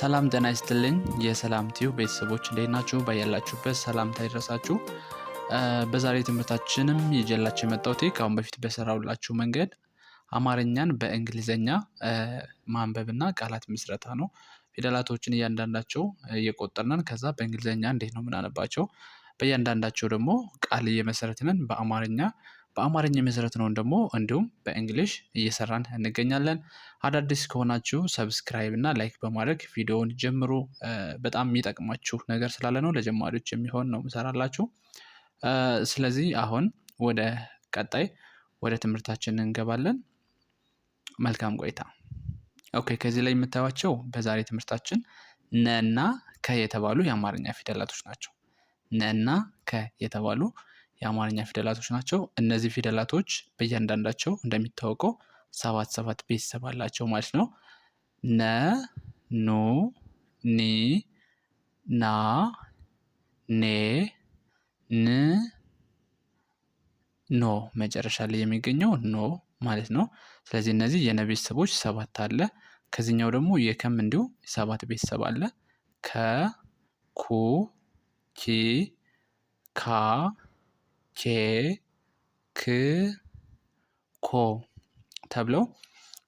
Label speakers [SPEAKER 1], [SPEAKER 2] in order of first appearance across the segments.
[SPEAKER 1] ሰላም ጤና ይስጥልኝ። የሰላም ቲዩ ቤተሰቦች እንዴት ናችሁ? ባያላችሁበት ሰላምታ ይድረሳችሁ። በዛሬ ትምህርታችንም ይዤላችሁ የመጣውቴ ከአሁን በፊት በሰራውላችሁ መንገድ አማርኛን በእንግሊዘኛ ማንበብና ቃላት ምስረታ ነው። ፊደላቶችን እያንዳንዳቸው እየቆጠርነን ከዛ በእንግሊዘኛ እንዴት ነው ምናነባቸው፣ በእያንዳንዳቸው ደግሞ ቃል እየመሰረትነን በአማርኛ በአማርኛ ነውን ደግሞ እንዲሁም በእንግሊሽ እየሰራን እንገኛለን። አዳዲስ ከሆናችሁ ሰብስክራይብ እና ላይክ በማድረግ ቪዲዮውን ጀምሩ። በጣም የሚጠቅማችሁ ነገር ስላለ ነው፣ ለጀማሪዎች የሚሆን ነው ምሰራላችሁ። ስለዚህ አሁን ወደ ቀጣይ ወደ ትምህርታችን እንገባለን። መልካም ቆይታ። ኦኬ፣ ከዚህ ላይ የምታዩቸው በዛሬ ትምህርታችን ነና ከ የተባሉ የአማርኛ ፊደላቶች ናቸው። ነና ከ የተባሉ የአማርኛ ፊደላቶች ናቸው። እነዚህ ፊደላቶች በእያንዳንዳቸው እንደሚታወቀው ሰባት ሰባት ቤተሰብ አላቸው ማለት ነው። ነ፣ ኑ፣ ኒ፣ ና፣ ኔ፣ ን፣ ኖ መጨረሻ ላይ የሚገኘው ኖ ማለት ነው። ስለዚህ እነዚህ የነ ቤተሰቦች ሰባት አለ። ከዚህኛው ደግሞ የከም እንዲሁ ሰባት ቤተሰብ አለ። ከ፣ ኩ፣ ኪ፣ ካ ኬ ክ ኮ ተብለው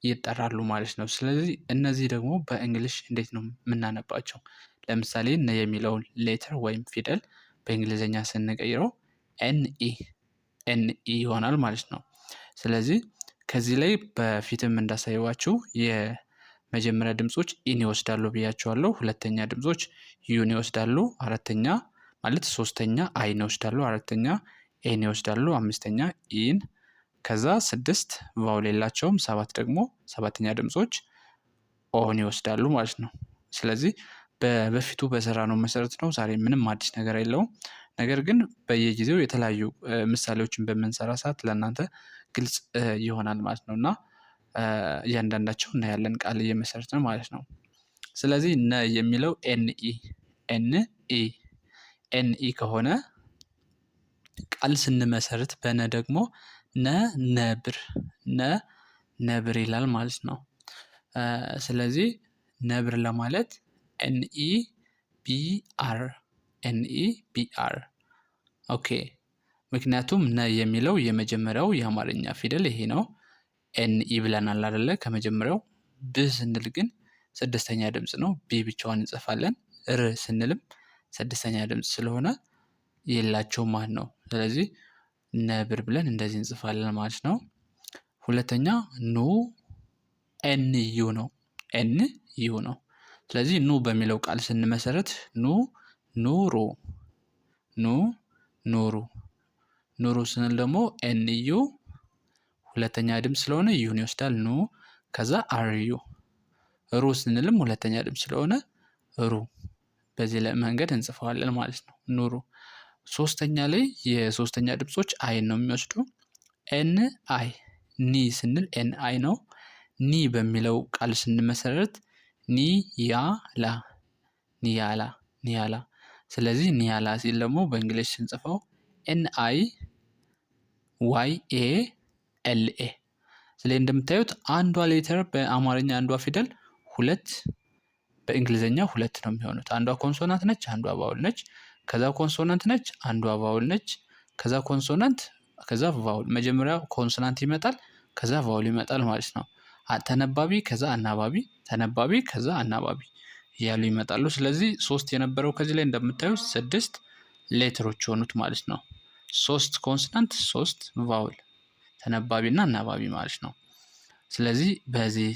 [SPEAKER 1] ይጠራሉ ማለት ነው። ስለዚህ እነዚህ ደግሞ በእንግሊሽ እንዴት ነው የምናነባቸው? ለምሳሌ እነ የሚለውን ሌተር ወይም ፊደል በእንግሊዝኛ ስንቀይረው ኤንኢ ኤንኢ ይሆናል ማለት ነው። ስለዚህ ከዚህ ላይ በፊትም እንዳሳየዋችሁ የመጀመሪያ ድምፆች ኢን ይወስዳሉ ብያቸዋለሁ። ሁለተኛ ድምፆች ዩን ይወስዳሉ። አራተኛ ማለት ሶስተኛ አይን ይወስዳሉ። አራተኛ ኤን ይወስዳሉ። አምስተኛ ኢን ከዛ ስድስት ቫውል የላቸውም። ሰባት ደግሞ ሰባተኛ ድምፆች ኦን ይወስዳሉ ማለት ነው። ስለዚህ በፊቱ በሰራ ነው መሰረት ነው። ዛሬ ምንም አዲስ ነገር የለውም። ነገር ግን በየጊዜው የተለያዩ ምሳሌዎችን በምንሰራ ሰዓት ለእናንተ ግልጽ ይሆናል ማለት ነው እና እያንዳንዳቸው እና ያለን ቃል እየመሰረት ነው ማለት ነው። ስለዚህ ነ የሚለው ኤን ኢ ኤን ኢ ኤን ኢ ከሆነ ቃል ስንመሰርት በነ ደግሞ ነ ነብር ነ ነብር ይላል ማለት ነው። ስለዚህ ነብር ለማለት ኤን ቢአር ኤንኢ ቢአር ኦኬ ምክንያቱም ነ የሚለው የመጀመሪያው የአማርኛ ፊደል ይሄ ነው። ኤንኢ ብለናል አደለ? ከመጀመሪያው ብ ስንል ግን ስድስተኛ ድምፅ ነው ቢ ብቻዋን እንጽፋለን። ር ስንልም ስድስተኛ ድምጽ ስለሆነ የላቸውም ማን ነው ስለዚህ ነብር ብለን እንደዚህ እንጽፋለን ማለት ነው። ሁለተኛ ኑ ኤን ዩ ነው። ኤን ዩ ነው። ስለዚህ ኑ በሚለው ቃል ስንመሰረት ኑ ኑሩ፣ ኑ ኑሩ። ኑሩ ስንል ደግሞ ኤን ዩ ሁለተኛ ድምፅ ስለሆነ ዩን ይወስዳል። ኑ ከዛ አር ዩ። ሩ ስንልም ሁለተኛ ድምፅ ስለሆነ ሩ። በዚህ መንገድ እንጽፈዋለን ማለት ነው። ኑሩ ሶስተኛ ላይ የሶስተኛ ድምጾች አይ ነው የሚወስዱ። ኤን አይ ኒ ስንል ኤን አይ ነው። ኒ በሚለው ቃል ስንመሰረት ኒ ያ ላ ኒያላ ኒያላ። ስለዚህ ኒያላ ሲል ደግሞ በእንግሊዝ ስንጽፈው ኤን አይ ዋይ ኤ ኤል ኤ። ስለዚህ እንደምታዩት አንዷ ሌተር በአማርኛ አንዷ ፊደል ሁለት በእንግሊዝኛ ሁለት ነው የሚሆኑት። አንዷ ኮንሶናንት ነች፣ አንዷ ባውል ነች። ከዛ ኮንሶናንት ነች፣ አንዷ ቫውል ነች። ከዛ ኮንሶናንት፣ ከዛ ቫውል። መጀመሪያ ኮንሶናንት ይመጣል፣ ከዛ ቫውል ይመጣል ማለት ነው። ተነባቢ ከዛ አናባቢ፣ ተነባቢ ከዛ አናባቢ እያሉ ይመጣሉ። ስለዚህ ሶስት የነበረው ከዚህ ላይ እንደምታዩ ስድስት ሌተሮች የሆኑት ማለት ነው። ሶስት ኮንስናንት፣ ሶስት ቫውል፣ ተነባቢ እና አናባቢ ማለት ነው። ስለዚህ በዚህ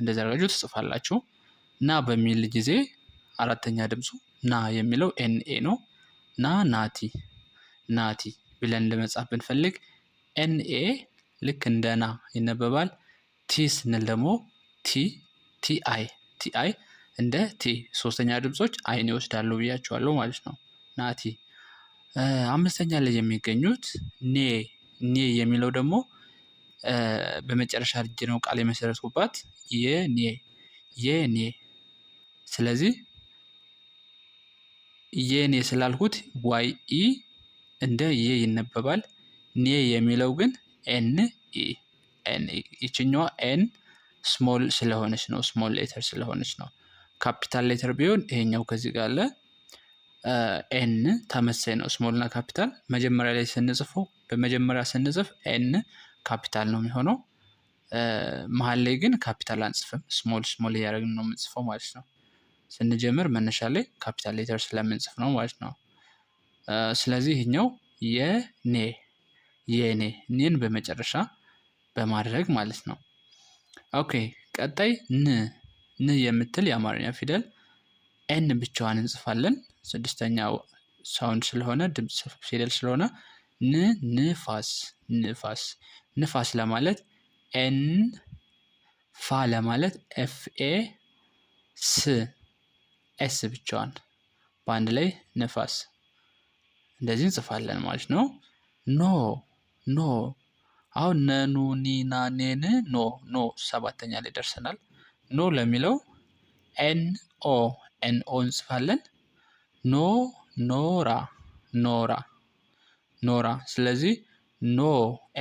[SPEAKER 1] እንደዘረጋጁ ትጽፋላችሁ እና በሚል ጊዜ አራተኛ ድምፁ ና የሚለው ኤንኤ ነው። ና ናቲ ናቲ ብለን ለመጻፍ ብንፈልግ ኤንኤ ልክ እንደ ና ይነበባል። ቲ ስንል ደግሞ ቲ ቲአይ አይ እንደ ቲ ሶስተኛ ድምጾች አይን ይወስዳሉ ብያቸዋለሁ ማለት ነው። ናቲ አምስተኛ ላይ የሚገኙት ኔ ኔ የሚለው ደግሞ በመጨረሻ ድጅ ነው ቃል የመሰረትኩባት የኔ የኔ ስለዚህ የኔ ስላልኩት ዋይ ኢ እንደ የ ይነበባል። ኔ የሚለው ግን ኤን ኢ ይችኛዋ ኤን ስሞል ስለሆነች ነው፣ ስሞል ሌተር ስለሆነች ነው። ካፒታል ሌተር ቢሆን ይሄኛው ከዚህ ጋር አለ። ኤን ተመሳይ ነው፣ ስሞልና ካፒታል። መጀመሪያ ላይ ስንጽፈው በመጀመሪያ ስንጽፍ ኤን ካፒታል ነው የሚሆነው። መሀል ላይ ግን ካፒታል አንጽፍም፣ ስሞል ስሞል እያደረግን ነው የምንጽፈው ማለት ነው። ስንጀምር መነሻ ላይ ካፒታል ሌተር ስለምንጽፍ ነው ማለት ነው። ስለዚህ ይህኛው የኔ የኔ ኔን በመጨረሻ በማድረግ ማለት ነው። ኦኬ ቀጣይ ን ን የምትል የአማርኛ ፊደል ኤን ብቻዋን እንጽፋለን። ስድስተኛ ሳውንድ ስለሆነ ድምፅ ፊደል ስለሆነ ን ንፋስ ንፋስ ንፋስ ለማለት ኤን ፋ ለማለት ኤፍኤ ስ ኤስ ብቻዋን በአንድ ላይ ንፋስ እንደዚህ እንጽፋለን ማለት ነው። ኖ ኖ አሁን ነኑ ኒና ኔን ኖ ኖ ሰባተኛ ላይ ደርሰናል። ኖ ለሚለው ኤን ኦ ኤን ኦ እንጽፋለን። ኖ ኖራ ኖራ ኖራ። ስለዚህ ኖ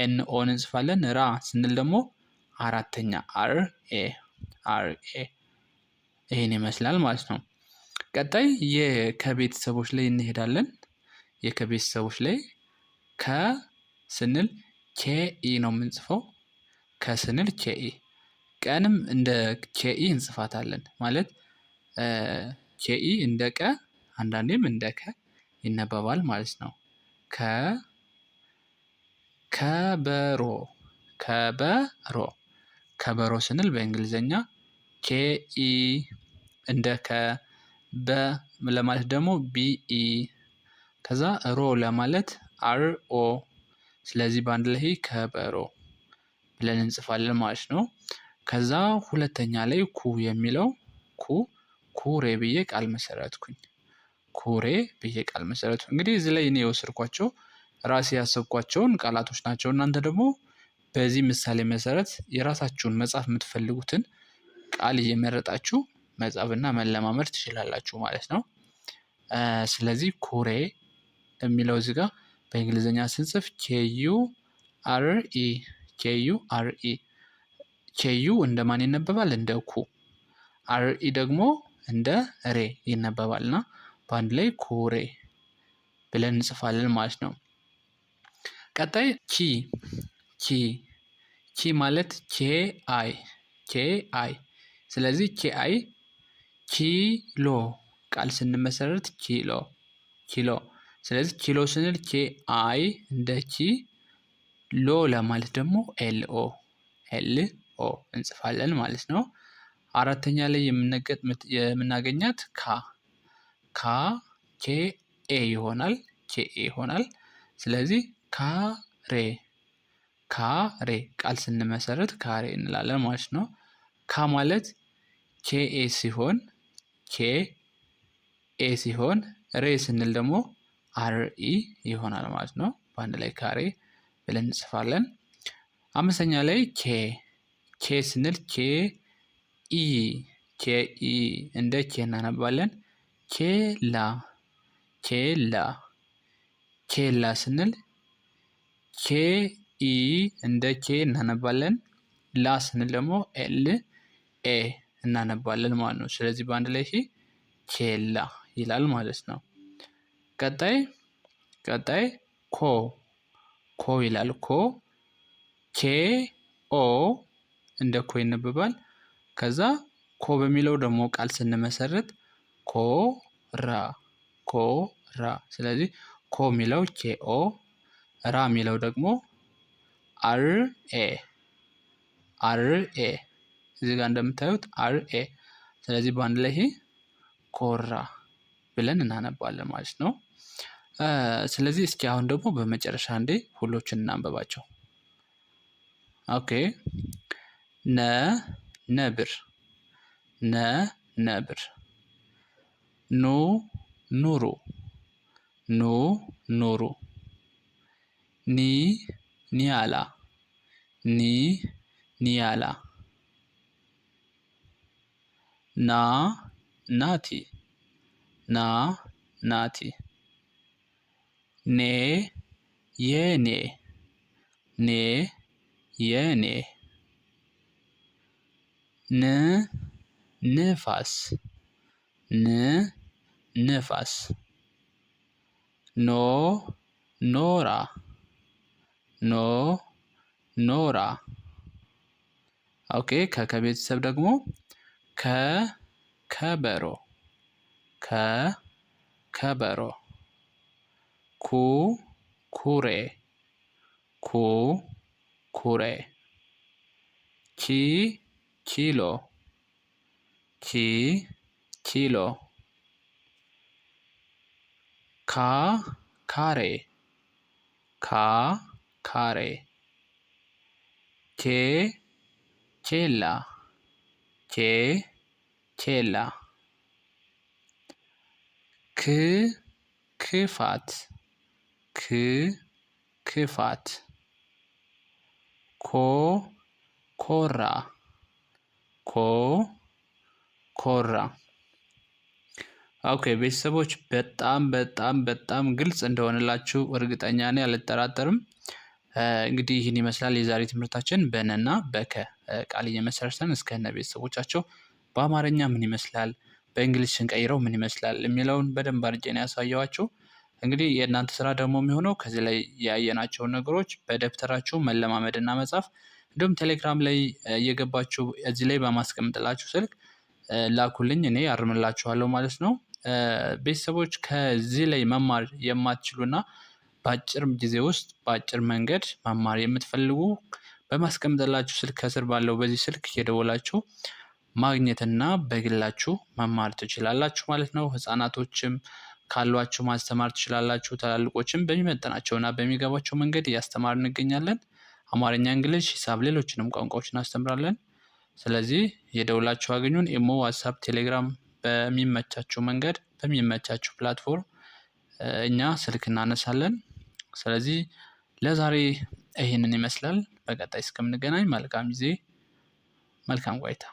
[SPEAKER 1] ኤን ኦን እንጽፋለን። ራ ስንል ደግሞ አራተኛ አር ኤ አር ኤ ይህን ይመስላል ማለት ነው። ቀጣይ የከቤተሰቦች ላይ እንሄዳለን። የከቤተሰቦች ላይ ከ ስንል ነው የምንጽፈው። ከስንል ኬኢ ቀንም እንደ ኬኢ እንጽፋታለን። ማለት ኬኢ እንደ ቀ አንዳንዴም እንደ ከ ይነበባል ማለት ነው። ከ ከበሮ ከበሮ ከበሮ ስንል በእንግሊዝኛ ኬኢ እንደ ከ በ ለማለት ደግሞ ቢኢ ከዛ ሮ ለማለት አር ኦ። ስለዚህ በአንድ ላይ ከበሮ ብለን እንጽፋለን ማለት ነው። ከዛ ሁለተኛ ላይ ኩ የሚለው ኩ ኩሬ ብዬ ቃል መሰረትኩኝ። ኩሬ ብዬ ቃል መሰረቱ። እንግዲህ እዚህ ላይ እኔ የወሰድኳቸው ራሴ ያሰብኳቸውን ቃላቶች ናቸው። እናንተ ደግሞ በዚህ ምሳሌ መሰረት የራሳችሁን መጻፍ የምትፈልጉትን ቃል እየመረጣችሁ መጻፍና መለማመድ ትችላላችሁ ማለት ነው። ስለዚህ ኩሬ የሚለው እዚህ ጋ በእንግሊዝኛ ስንጽፍ ኬዩ አርኢ ኬዩ አርኢ ኬዩ እንደ ማን ይነበባል? እንደ ኩ። አርኢ ደግሞ እንደ ሬ ይነበባል እና በአንድ ላይ ኩሬ ብለን እንጽፋለን ማለት ነው። ቀጣይ ኪ ኪ ኪ ማለት ኬ አይ ኬ አይ ስለዚህ ኬ አይ ኪሎ ቃል ስንመሰረት ኪሎ ኪሎ። ስለዚህ ኪሎ ስንል ኬ አይ እንደ ኪ ሎ ለማለት ደግሞ ኤል ኦ ኤል ኦ እንጽፋለን ማለት ነው። አራተኛ ላይ የምናገኛት ካ ካ ኬ ኤ ይሆናል ኬ ኤ ይሆናል። ስለዚህ ካሬ ካሬ ቃል ስንመሰረት ካሬ እንላለን ማለት ነው። ካ ማለት ኬ ኤ ሲሆን ኬ ኤ ሲሆን ሬ ስንል ደግሞ አር ኢ ይሆናል ማለት ነው። በአንድ ላይ ካሬ ብለን እንጽፋለን። አምስተኛ ላይ ኬ ኬ ስንል ኬ ኢ ኬ ኢ እንደ ኬ እናነባለን። ኬላ ኬላ ኬላ ስንል ኬ ኢ እንደ ኬ እናነባለን። ላ ስንል ደግሞ ኤል ኤ እናነባለን ማለት ነው። ስለዚህ በአንድ ላይ ይሄ ኬላ ይላል ማለት ነው። ቀጣይ ቀጣይ ኮ ኮ ይላል። ኮ ኬ ኦ እንደ ኮ ይነበባል። ከዛ ኮ በሚለው ደግሞ ቃል ስንመሰረት ኮ ራ ኮ ራ። ስለዚህ ኮ የሚለው ኬ ኦ፣ ራ የሚለው ደግሞ አር ኤ አር ኤ እዚህ ጋር እንደምታዩት አር ኤ። ስለዚህ በአንድ ላይ ይሄ ኮራ ብለን እናነባለን ማለት ነው። ስለዚህ እስኪ አሁን ደግሞ በመጨረሻ እንዴ ሁሎችን እናንበባቸው። ኦኬ ነ ነብር፣ ነ ነብር፣ ኑ ኑሮ፣ ኑ ኑሮ፣ ኒ ኒያላ፣ ኒ ኒያላ ና ናቲ ና ናቲ ኔ የኔ ኔ የኔ ን ንፋስ ን ንፋስ ኖ ኖራ ኖ ኖራ ኦኬ ከከቤተሰብ ደግሞ ከ ከበሮ ከ ከበሮ ኩ ኩሬ ኩ ኩሬ ኪ ኪሎ ኪ ኪሎ ካ ካሬ ካ ካሬ ኬ ቼላ ኬ ኬላ ክ ክፋት ክ ክፋት ኮ ኮራ ኮ ኮራ ኦኬ ቤተሰቦች በጣም በጣም በጣም ግልጽ እንደሆነላችሁ እርግጠኛ ነኝ፣ አልጠራጠርም። እንግዲህ ይህን ይመስላል የዛሬ ትምህርታችን በነና በከ ቃል እየመሰረትን እስከነ ቤተሰቦቻቸው በአማርኛ ምን ይመስላል በእንግሊዝ ስንቀይረው ምን ይመስላል የሚለውን በደንብ አድርጌ ነው ያሳየኋችሁ። እንግዲህ የእናንተ ስራ ደግሞ የሚሆነው ከዚህ ላይ ያየናቸውን ነገሮች በደብተራችሁ መለማመድ እና መጻፍ እንዲሁም ቴሌግራም ላይ እየገባችሁ እዚህ ላይ በማስቀምጥላችሁ ስልክ ላኩልኝ፣ እኔ አርምላችኋለሁ ማለት ነው። ቤተሰቦች ከዚህ ላይ መማር የማትችሉና በአጭር ጊዜ ውስጥ በአጭር መንገድ መማር የምትፈልጉ በማስቀምጥላችሁ ስልክ ከስር ባለው በዚህ ስልክ እየደወላችሁ ማግኘትና በግላችሁ መማር ትችላላችሁ ማለት ነው። ህፃናቶችም ካሏችሁ ማስተማር ትችላላችሁ። ትላልቆችም በሚመጥናቸውና በሚገባቸው መንገድ እያስተማር እንገኛለን። አማርኛ፣ እንግሊዝ፣ ሂሳብ፣ ሌሎችንም ቋንቋዎች እናስተምራለን። ስለዚህ የደውላችሁ አገኙን። ኢሞ፣ ዋትሳፕ፣ ቴሌግራም በሚመቻችሁ መንገድ በሚመቻችሁ ፕላትፎርም እኛ ስልክ እናነሳለን። ስለዚህ ለዛሬ ይህንን ይመስላል። በቀጣይ እስከምንገናኝ መልካም ጊዜ፣ መልካም ቆይታ